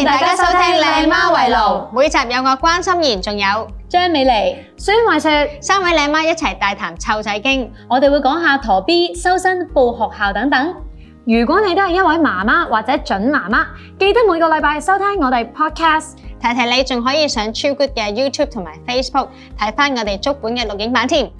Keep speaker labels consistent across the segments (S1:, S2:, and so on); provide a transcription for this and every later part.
S1: 歡迎大家收聽《靚媽為奴》，每集有我關心妍，仲有張美妮、孫慧雪三位靚媽一齊大談湊仔經，我哋會講下駝 B、修身、報學校等等。如果你都係一位媽媽或者準媽媽，記得每個禮拜收聽我哋 podcast。提提你仲可以上超 good 嘅 YouTube 同埋 Facebook 睇翻我哋足本嘅錄影版添。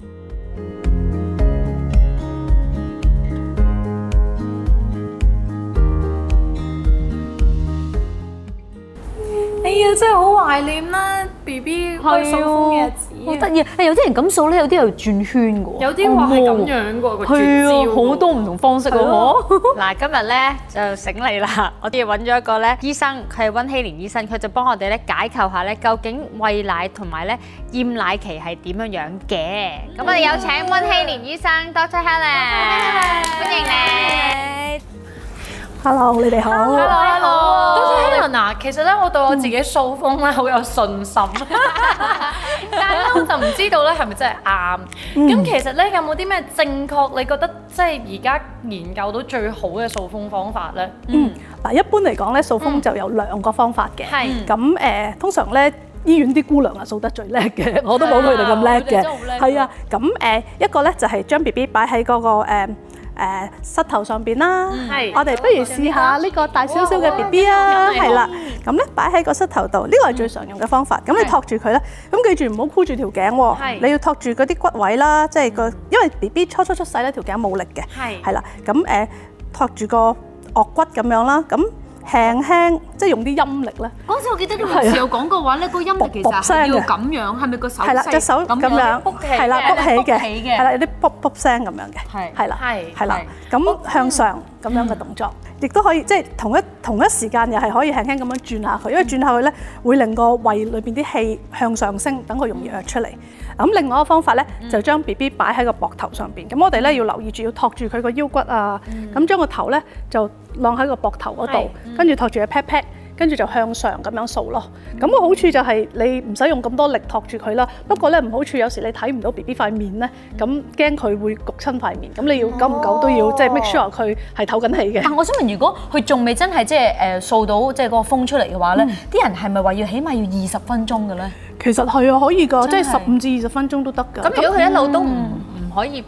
S2: 真係好懷念
S3: 啦，B B 開心日子，好得意，有啲人咁數咧，有啲又轉圈嘅喎，有啲話係咁樣嘅喎，轉好多唔同方式喎。
S1: 嗱，今日咧就醒你啦，我哋揾咗一個咧醫生，佢係温希蓮醫生，佢就幫我哋咧解構下咧究竟喂奶同埋咧厭奶期係點樣樣嘅。咁我哋有請温希蓮醫生 Doctor Helen，歡迎你。
S2: Hello，你哋好。Hello，Hello。嗱，其實咧，我對我自己掃風咧好有信心，嗯、 但係咧我就唔知道咧係咪真係啱。咁、嗯、其實咧有冇啲咩正確？你覺得即係而家研究到最好嘅掃風方法咧？嗯，
S4: 嗱、嗯，一般嚟講咧掃風就有兩個方法嘅。係、嗯。咁誒、呃，通常咧醫院啲姑娘啊掃得最叻嘅，我都冇佢哋咁叻嘅。係啊。咁誒、 啊呃，一個咧就係將、BB、B B 擺喺嗰個、呃誒，膝頭上邊啦，我哋不如試下呢個大少少嘅 B B 啊，係啦，咁咧擺喺個膝頭度，呢個係最常用嘅方法。咁你托住佢啦，咁記住唔好箍住條頸喎，你要托住嗰啲骨位啦，即係個，因為 B B 初初出世咧條頸冇力嘅，係啦，咁誒托住個顎骨咁樣啦，咁。輕輕，即係用啲音力咧。嗰
S3: 陣時我記得啲老師又講過話咧，個音力其實係要咁樣，係咪個手勢咁樣？係啦，隻手咁樣，係啦，曲起嘅，係啦，有
S4: 啲卜卜聲咁樣嘅，係，係啦，係啦，咁向上咁樣嘅動作。亦都可以，即係同一同一時間，又係可以輕輕咁樣轉下去，因為轉下去咧會令個胃裏邊啲氣向上升，等佢容易出嚟。咁、嗯、另外一個方法咧，嗯、就將 B B 擺喺個膊頭上邊。咁我哋咧、嗯、要留意住，要托住佢個腰骨啊，咁將個頭咧就晾喺個膊頭嗰度，跟住、嗯、托住去 pat pat。跟住就向上咁樣掃咯，咁個好處就係你唔使用咁多力托住佢啦。不過咧，唔好處，有時你睇唔到 BB 塊面咧，咁驚佢會焗親塊面，咁你要久唔久都要即係 make sure 佢係唞緊氣嘅。但係我想問，如果佢仲未真係即係誒掃到即係嗰個
S3: 風出嚟嘅話咧，啲人係咪話要起碼要二十分鐘嘅咧？
S4: 其實係啊，可以㗎，即係十五至二十分鐘都得㗎。咁如果佢一路都唔唔
S1: 可以？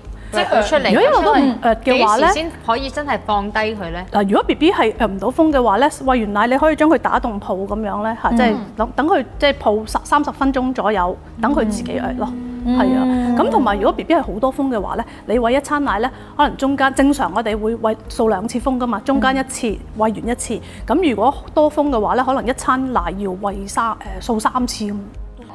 S1: 出嚟，如果我都唔誒嘅話咧，先可以真係放低佢咧。嗱，如
S4: 果 B B 係誒唔到風嘅話咧，餵完奶你可以將佢打棟抱咁樣咧，係、嗯、即係等等佢即係抱十三十分鐘左右，等佢、嗯、自己誒咯。係、嗯、啊，咁同埋如果 B B 係好多風嘅話咧，你餵一餐奶咧，可能中間正常我哋會餵掃兩次風噶嘛，中間一次餵、嗯、完一次。咁如果多風嘅話咧，可能一餐奶要餵三誒掃、呃、三次。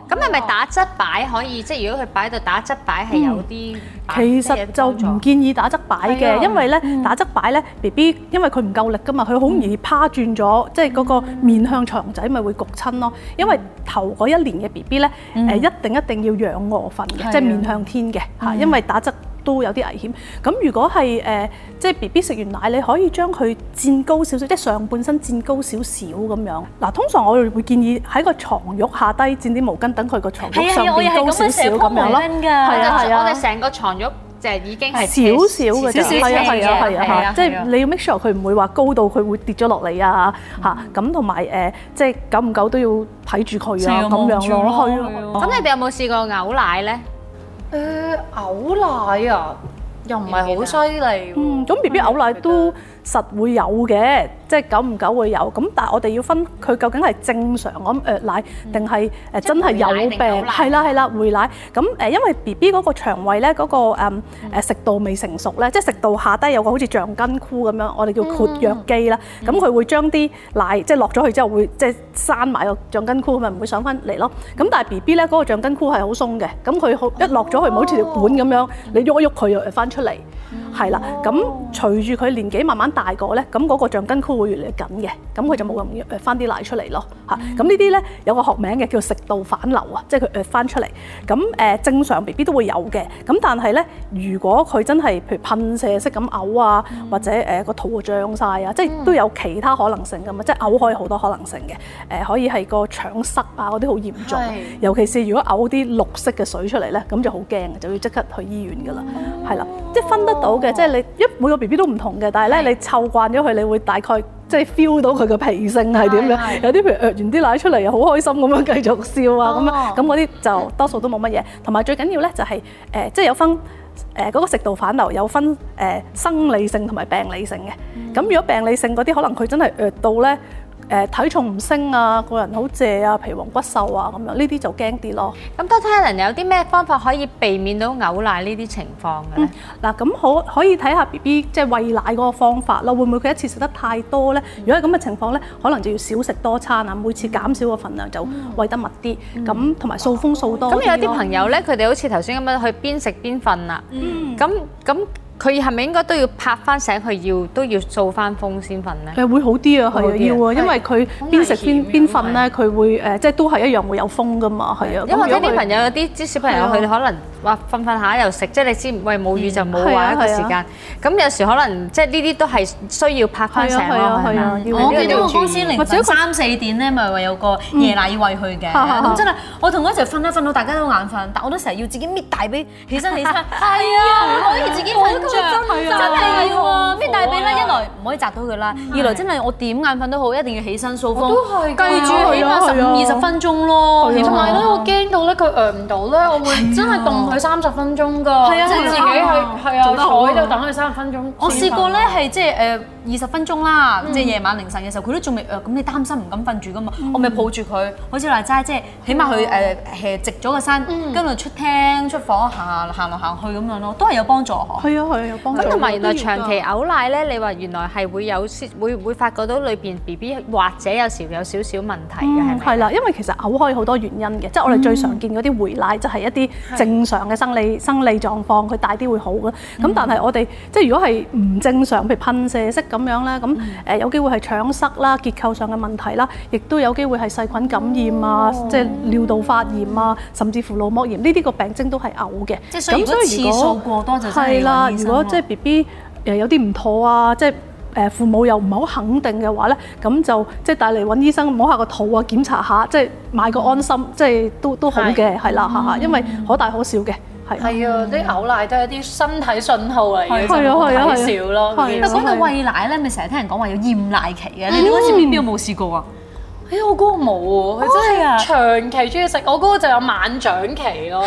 S1: 咁係咪打側擺可以？即係如果佢擺到打側擺係有啲，
S4: 其實就唔建議打側擺嘅，因為咧、嗯、打側擺咧 B B，因為佢唔夠力噶嘛，佢好容易趴轉咗，即係嗰個面向牆仔咪會焗親咯。因為頭嗰一年嘅 B B 咧，誒、嗯、一定一定要仰卧瞓，嘅、嗯，即係面向天嘅嚇，嗯、因為打側。都有啲危險。咁如果係誒，即係 B B 食完奶，你可以將佢墊高少少，即係上半身墊高少少咁樣。嗱，通常我哋會建議喺個床褥下低墊啲毛巾，等佢個床褥上邊高少少咁樣咯。係啊，啊，我哋
S1: 成個床褥就係已經少少嘅啫。係啊係啊係啊，即係
S4: 你要 make sure 佢唔會話高到佢會跌咗落嚟啊！嚇咁同埋誒，即係久唔久都要睇住佢啊咁樣咯。咁你
S1: 哋有冇試過嘔奶咧？誒，嘔奶、呃、啊，又唔係好犀利，嗯，
S4: 咁 B B 嘔奶都，嗯實會有嘅，即係久唔久會有。咁但係我哋要分佢究竟係正常咁啜奶，定係誒真係有病？係啦係啦，會奶。咁誒，因為 B B 嗰個腸胃咧，嗰個誒食道未成熟咧，即係食道下低有個好似橡筋箍咁樣，我哋叫括約肌啦。咁佢會將啲奶即係落咗去之後會即係閂埋個橡筋箍咁咪唔會上翻嚟咯。咁但係 B B 咧嗰個橡筋箍係好鬆嘅，咁佢一落咗去好似條管咁樣，你喐一喐佢又翻出嚟。係啦，咁隨住佢年紀慢慢，大個咧，咁嗰個橡筋箍會越嚟越緊嘅，咁佢就冇咁誒翻啲奶出嚟咯嚇。咁呢啲咧有個學名嘅叫食道反流啊，即係佢誒翻出嚟。咁誒、嗯嗯、正常 B B 都會有嘅。咁但係咧，如果佢真係譬如噴射式咁嘔啊，嗯、或者誒個、欸、肚啊脹晒啊，即係都有其他可能性噶嘛。即係嘔可以好多可能性嘅。誒、呃、可以係個腸塞啊嗰啲好嚴重。是尤其是如果嘔啲綠色嘅水出嚟咧，咁就好驚，就要即刻去醫院噶啦。係、哦、啦，即係分得到嘅，即係你一每個 B B 都唔同嘅，但係咧你，透慣咗佢，你會大概即係、就是、feel 到佢個脾性係點樣？是是有啲譬如噏完啲奶出嚟又好開心咁樣繼續笑啊咁啊，咁嗰啲就多數都冇乜嘢。同埋最緊要咧就係、是、誒，即、呃、係、就是、有分誒嗰、呃那個食道反流有分誒、呃、生理性同埋病理性嘅。咁、嗯、如果病理性嗰啲，可能佢真係噏到咧。誒、呃、體重唔升啊，個人好謝啊，皮黃骨瘦啊咁樣，呢啲就驚啲咯。咁 Doctor Helen 有啲咩方法可以避免到嘔奶呢啲情況嘅咧？嗱、嗯，咁可可以
S1: 睇下佢係咪應該都要拍翻醒佢，要都要掃翻風先瞓咧？誒
S4: 會好啲啊，係啊，要啊，因為佢邊食邊邊瞓咧，佢會誒即係都係一樣會有風㗎嘛，係啊。因為呢啲朋友有啲啲小朋友，佢哋可
S1: 能話瞓瞓下又食，即係你知喂冇魚就冇話一個時間。咁有時可能即係呢啲都係需要拍翻醒去啊，我記得我公司凌晨三
S3: 四點咧，咪有個夜奶餵佢嘅。真係，我同佢一齊瞓一瞓到大家都眼瞓，但我都成日要自己搣大肶起身起身。係啊，我依自己真係要啊！咩大髀咧？一來唔可以砸到佢啦，二來真係我點眼瞓都好，一定要起身掃風，記住起碼十五、二十分
S2: 鐘咯。同埋咧，我驚到咧佢唔到咧，我會真係凍佢三十分鐘噶。即係自己去，係啊，坐喺度等佢三十分鐘。我試過咧係
S3: 即係誒二十分鐘啦，即係夜晚凌晨嘅時候，佢都仲未，咁你擔心唔敢瞓住噶嘛？我咪抱住佢，好似話齋即係起碼佢誒直咗個身，跟住
S1: 出廳出房行行來行去咁樣咯，都係有幫助。
S4: 咁同埋原來長期
S1: 嘔奶咧，你話原來係會有，會唔會發覺到裏邊 BB 或者有時有少少問題嘅，係咪？係啦，因為其實嘔可以好多原因嘅，即係我哋最常
S4: 見嗰啲回奶，就係一啲正常嘅生理生理狀況，佢大啲會好嘅。咁但係我哋即係如果係唔正常，譬如噴射式咁樣啦，咁誒有機會係腸塞啦、結構上嘅問題啦，亦都有機會係細菌感染啊，即係尿道發炎啊，甚至乎腦膜炎呢啲個病徵都係嘔嘅。即係所以如果次數過多就真係。如果即係 B B 誒有啲唔妥啊，即係誒父母又唔係好肯定嘅話咧，咁就即係帶嚟揾醫生摸下個肚啊，檢查下，即係買個安心，即係都都好嘅，係啦嚇嚇，因為
S2: 可大可小嘅，係。係啊，啲嘔奶都係一啲身體信號嚟嘅，就可大可小咯。咁啊，講到餵奶咧，咪成日聽人講話要厭奶期嘅，你哋嗰時邊邊有冇試過啊？誒我嗰個冇喎，佢真係長期中意食。我嗰個就有晚長期咯，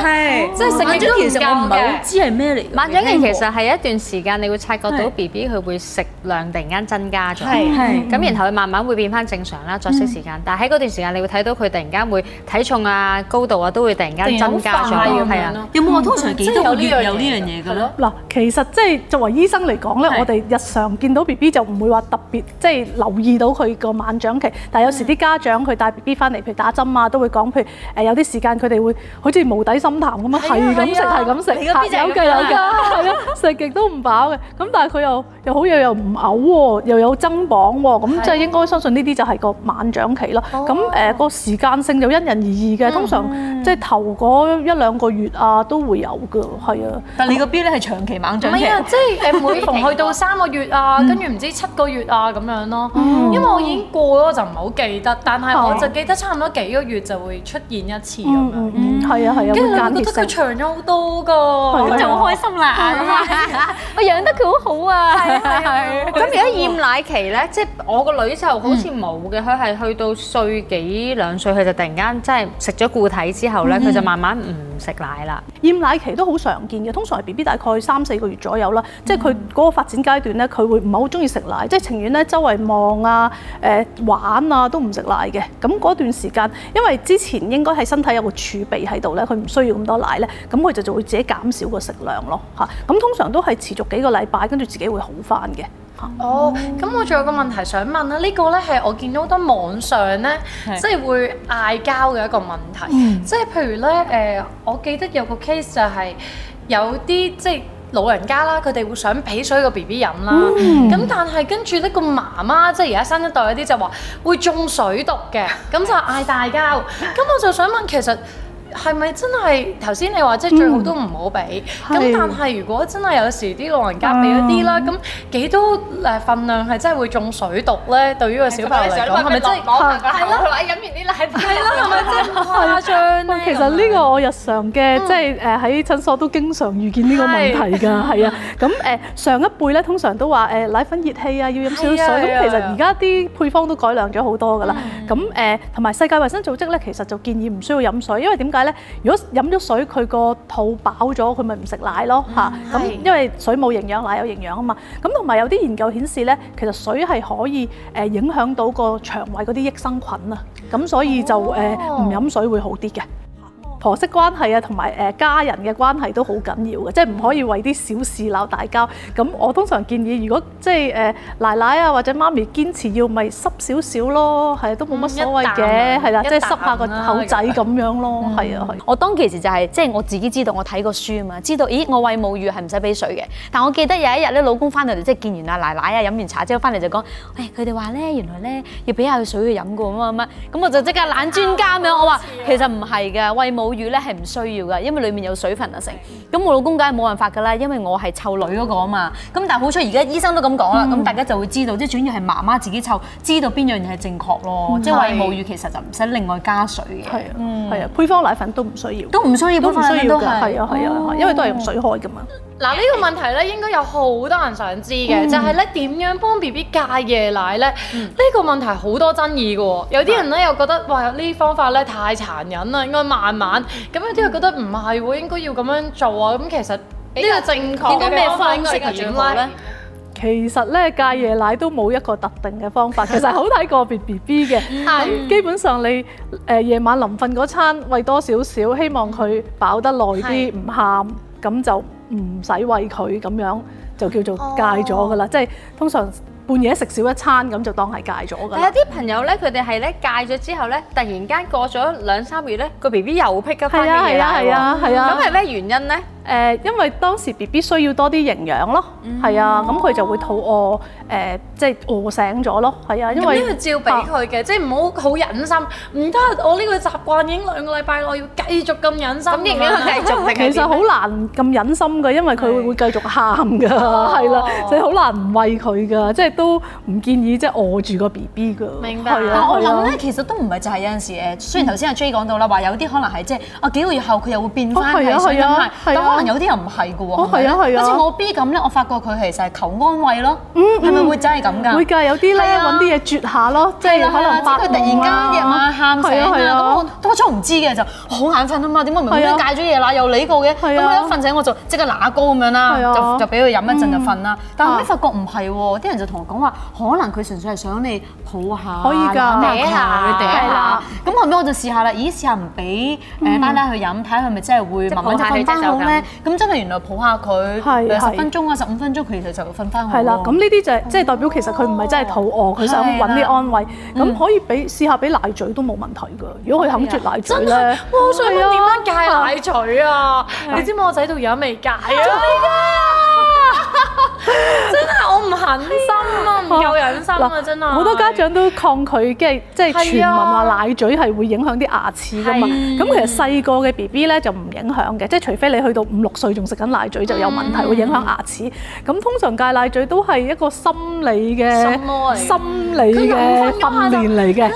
S2: 即係食嘅時間唔係好知
S1: 係咩嚟。晚長期其實係一段時間，你會察覺到 B B 佢會食量突然間增加咗，咁然後佢慢慢會變翻正常啦，作息時間。但喺嗰段時間，你會睇到佢突然間會體重啊、高度啊都會突然間增加咗，係啊。有冇話通常幾多月有呢樣嘢㗎咯？嗱，其實即係作為醫生嚟講咧，
S4: 我哋日常見到 B B 就唔會話特別即係留意到佢個晚長期，但係有時啲家家長佢帶 BB 翻嚟，譬如打針啊，都會講，譬如誒有啲時間佢哋會好似無底深潭咁啊，係咁食，係咁食，有計有計，食極都唔飽嘅。咁但係佢又又好嘢，又唔嘔喎，又有增磅喎，咁即係應該相信呢啲就係個猛漲期咯。咁誒個時間性就因人而異嘅，通常即係頭嗰一兩個月啊都會有㗎，係啊。但你個 B 咧係長期猛漲期啊，即係每逢去到
S2: 三個月啊，跟住唔知七個月啊咁樣咯，因為我已經過咗就唔係好記得。但係我就記得差唔多幾個月就會出現一次咁樣，係啊係啊，跟住我覺得佢長咗好多個，我就好開心啦咁啊！我養得佢好好啊，係
S1: 係。咁而家厭奶期咧，即係我個女就好似冇嘅，佢係去到歲幾兩歲，佢就突然間即係食咗固體之後咧，佢就慢慢唔食奶啦。
S4: 厭奶期都好常見嘅，通常係 BB 大概三四個月左右啦。即係佢嗰個發展階段咧，佢會唔係好鍾意食奶，即係情願咧周圍望啊、誒玩啊都唔食。奶嘅，咁嗰段時間，因為之前應該係身體有個儲備喺度咧，佢唔需要咁多奶咧，咁佢就就會自己減少個食量咯，嚇、啊。咁通常都係持續幾個禮拜，跟住自己會好
S2: 翻嘅。哦、oh, 嗯，咁我仲有個問題想問啦，呢、這個咧係我見到好多網上咧，是即係會嗌交嘅一個問題，嗯、即係譬如咧，誒、呃，我記得有個 case 就係有啲即係。老人家啦，佢哋會想俾水個 B B 飲啦，咁、mm hmm. 但係跟住呢個媽媽，即係而家新一代嗰啲就話會中水毒嘅，咁 就嗌大交。咁 我就想問，其實，係咪真係頭先你話即係最好都唔好俾？咁但係如果真係有時啲老人家俾一啲啦，咁幾多誒份量係真係會中水毒咧？對於個小朋友嚟講，係咪真係
S1: 攞奶粉？係咯，飲完啲奶粉係咪真係會
S2: 拍下脹？其實呢個我日常嘅
S4: 即係誒喺診所都經常遇見呢個問題㗎，係啊。咁誒上一輩咧通常都話誒奶粉熱氣啊，要飲少少水。咁其實而家啲配方都改良咗好多㗎啦。咁誒同埋世界衞生組織咧，其實就建議唔需要飲水，因為點解？咧，如果飲咗水，佢個肚飽咗，佢咪唔食奶咯嚇。咁因為水冇營養，奶有營養啊嘛。咁同埋有啲研究顯示咧，其實水係可以誒影響到個腸胃嗰啲益生菌啊。咁所以就誒唔飲水會好啲嘅。婆媳關係啊，同埋誒家人嘅關係都好緊要嘅，即係唔可以為啲小事鬧大交。咁、嗯、我通常建議，如果即係誒奶奶啊或者媽咪堅持要，咪濕少少咯，係、嗯、都冇乜所謂嘅，係啦、嗯，即係、啊啊啊、濕下個口仔咁樣咯，係啊、嗯，係。我當其時就係即係我
S3: 自己知道，我睇過書啊嘛，知道咦我喂母乳係唔使俾水嘅。但我記得有一日咧，老公翻到嚟即係見完阿奶奶啊飲完茶之後翻嚟就講：，誒佢哋話咧原來咧要俾下水去飲嘅，乜乜。咁我就即刻懶專家咁樣、嗯，我話、嗯、其實唔係嘅，喂母。母乳咧，係唔需要噶因為裏面有水分啊成。咁我、嗯、老公梗係冇辦法噶啦，因為我係湊女嗰個啊嘛。咁、嗯、但係好彩而家醫生都咁講啦，咁、嗯、大家就會知道，即係主要係媽媽自己湊，知道邊樣嘢係正確咯。即係話母乳其實就唔使另外加水嘅。係啊，嗯，係
S4: 啊，配方奶粉都唔需要，都唔需
S3: 要，都唔需要噶，係啊係啊，因
S2: 為都係用水開噶嘛。嗱，呢、呢個問題咧應該有好多人想知嘅，嗯、就係咧點樣幫 B B 戒夜奶咧？呢、嗯、個問題好多爭議嘅喎，有啲人咧又覺得話呢是方法咧太殘忍啦，應該慢慢咁，有啲人覺得唔係喎，應該要咁樣做啊。咁其、其實呢個正確嘅方式係點咧？
S4: 其實咧戒夜奶都冇一個特定嘅方法， 其實好睇個別 B B 嘅。咁基本上你誒、呃、夜晚臨瞓嗰餐喂多少少，希望佢飽得耐啲，唔喊咁就。唔使喂佢咁樣就叫做戒咗㗎喇，哦、即係通常半夜食少一餐咁就當係戒咗。但係有啲
S1: 朋友咧，佢哋係咧戒咗之後咧，突然間過咗兩三月咧，個 B B 又劈㗎返嚟，係啊，係啊，係啊，咁係
S4: 咩原因咧？誒，因為當時 B B 需要多啲營養咯，係啊，咁佢就會肚餓，誒，即係餓醒咗咯，係啊，因為呢個
S2: 照俾佢嘅，即係唔好好忍心，唔得，我呢個習慣已經兩個禮拜我要繼續咁忍心，咁營養係繼續，其實好
S4: 難咁忍心嘅，因為佢會會繼續喊㗎，係啦，你好難唔喂佢㗎，即係都唔建議即係餓住個 B B 㗎。明白。但係我諗咧，其
S3: 實都唔係就係有陣時誒，雖然頭先阿 J 講到啦，話有啲可能係即係啊幾個月後佢又會變翻係想飲奶。可能有啲人唔
S4: 係㗎喎，好似我
S3: B 咁咧，我發覺佢其實係求安慰咯，係咪會真係咁㗎？會㗎，
S4: 有啲咧揾啲嘢啜下咯，即係啦，即知佢突然
S3: 間夜晚喊醒啊，咁我最初唔知嘅就好眼瞓啊嘛，點解唔飲戒咗嘢啦？又理過嘅，咁佢一瞓醒我就即刻拿高咁樣啦，就就俾佢飲一陣就瞓啦。但後尾發覺唔係喎，啲人就同我講話，可能佢純粹係想你抱下、可以揾下佢哋下。咁後尾我就試下啦，咦？試下唔俾奶奶去飲，睇下佢咪真係會慢慢就瞓翻好咧。咁真係原來抱下佢，廿是十分鐘啊，是十五分鐘，佢其實就瞓翻去。係啦，咁呢
S4: 啲就即係代表其實佢唔係真係肚餓，佢的想揾啲安慰。咁、嗯、可以俾試下俾奶嘴都冇問題嘅。如果佢冚住奶嘴咧，哇！好想我點樣戒奶
S2: 嘴啊？的你知唔知我仔到而家未戒啊！的 真係我唔狠心啊，唔夠忍心啊，真係！好多家長都抗拒，即係即係傳聞
S4: 話奶嘴係會影響啲牙齒噶嘛？咁、啊、其實細個嘅 B B 咧就唔影響嘅，即係除非你去到五六歲仲食緊奶嘴就有問題，嗯、會影響牙齒。咁通常戒奶嘴都係一個心理嘅心理嘅、嗯、訓練嚟嘅。
S2: 啊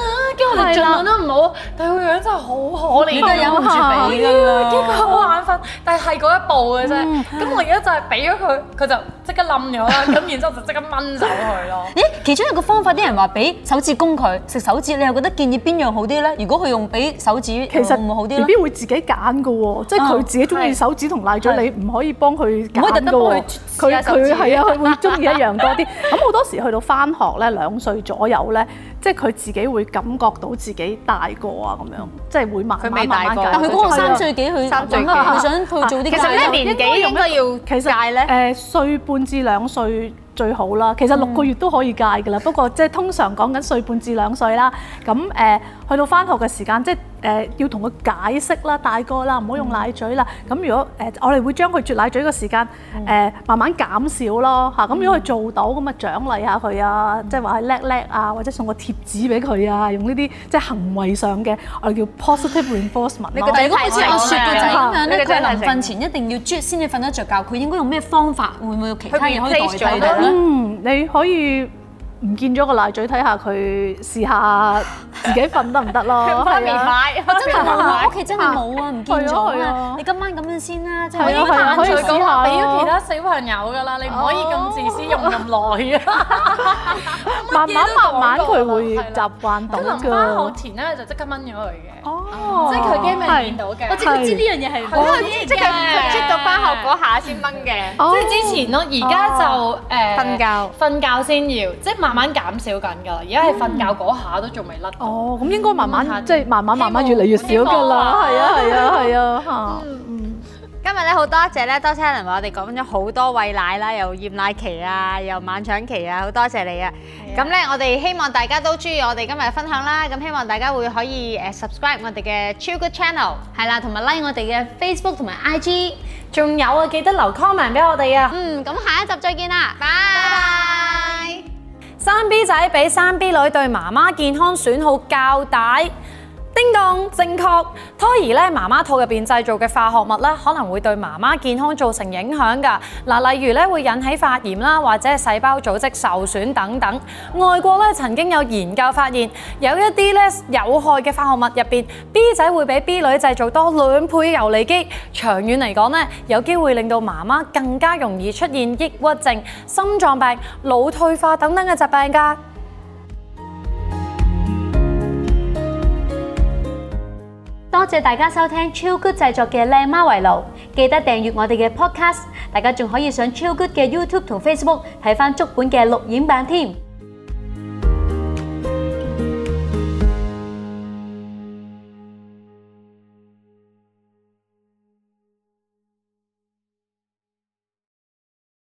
S2: 但個樣真係好可憐，忍唔住俾㗎啦。結果好眼瞓，但係嗰一步嘅啫。咁我而家就係俾咗佢，佢就即刻冧咗啦。咁然之後就即刻掹走佢咯。
S3: 咦？其中一個方法，啲人話俾手指供佢食手指，你又覺得建議邊樣好啲咧？如果佢用俾手指，其實會好啲。B B
S2: 會
S4: 自己揀嘅喎，
S2: 即係佢自己
S3: 中意手
S4: 指同奶嘴，你唔可以幫佢揀嘅喎。唔可以特登幫佢，佢佢係啊，佢會中意一樣多啲。咁好多時去到翻學咧，兩歲左右咧。即係佢自己會感覺到自己大個啊，咁樣、嗯、即係會慢慢大慢慢，但佢嗰個三歲幾去？佢想去做啲、啊。其實呢年紀用都要呢其戒咧。誒、呃，歲半至兩歲最好啦。其實六個月都可以戒㗎啦。嗯、不過即係通常講緊歲半至兩歲啦。咁誒、呃，去到返學嘅時間即係。誒、呃、要同佢解釋啦，大個啦，唔好用奶嘴啦。咁、嗯、如果誒、呃，我哋會將佢啜奶嘴個時間誒、呃、慢慢減少咯嚇。咁、嗯、如果佢做到，咁啊獎勵下佢啊，即係話佢叻叻啊，或者送個貼紙俾佢啊，用呢啲即係行為上嘅我哋叫 positive reinforcement、嗯。嗯、你如果好似我説嘅咁樣咧，佢臨瞓前
S3: 一定要啜先，至瞓得着覺。
S4: 佢應該用咩方法？會唔會有其他嘢可以代到？嗯，你可以。唔見咗個奶嘴，睇下佢試下自己瞓得唔得咯？攞棉襪，我真係我屋企真係冇啊，唔見咗啊！
S2: 你今晚咁樣先啦，即係啲奶嘴講俾其他小朋友㗎啦，你唔可以咁自私用咁耐啊！慢慢慢慢佢
S4: 會習慣到㗎。翻學
S2: 前咧就即刻掹咗佢嘅，即係佢驚未見到嘅。我淨係知呢樣嘢係好易嘅。佢係好似即係佢係到翻學嗰下先掹嘅，即係之前咯。而家就誒瞓覺瞓覺先要，即係晚。慢慢
S4: 減少緊㗎，而家係瞓覺嗰下都仲未甩。哦，咁應該慢慢即係慢慢慢慢越嚟越少㗎啦，係啊係啊
S1: 係啊。嗯，今日咧好多謝咧多謝 Helen 為我哋講咗好多餵奶啦，又厭奶期啊，又晚腸期啊，好多謝你啊。咁咧我哋希望大家都中意我哋今日嘅分享啦，咁希望大家會可以誒 subscribe 我哋嘅超 good channel，係啦，同埋 like 我哋嘅 Facebook 同埋
S2: IG，仲有啊記得留 comment 俾我哋啊。嗯，
S1: 咁下一集再見啦，拜拜。
S2: 生 B 仔比生 B 女對媽媽健康損耗較大。當正確，胎兒咧媽媽肚入邊製造嘅化學物咧，可能會對媽媽健康造成影響㗎。嗱，例如咧會引起發炎啦，或者係細胞組織受損等等。外國咧曾經有研究發現，有一啲咧有害嘅化學物入邊，B 仔會比 B 女製造多兩倍游離基，長遠嚟講咧，有機會令到媽媽更加容易出現抑鬱症、心臟病、腦退化等等嘅疾病㗎。多謝大家收聽超 good 製作嘅靚媽圍爐，
S3: 記得訂閱我哋嘅 podcast，大家仲可以上超 good 嘅 YouTube 同 Facebook 睇返足本嘅錄影版添。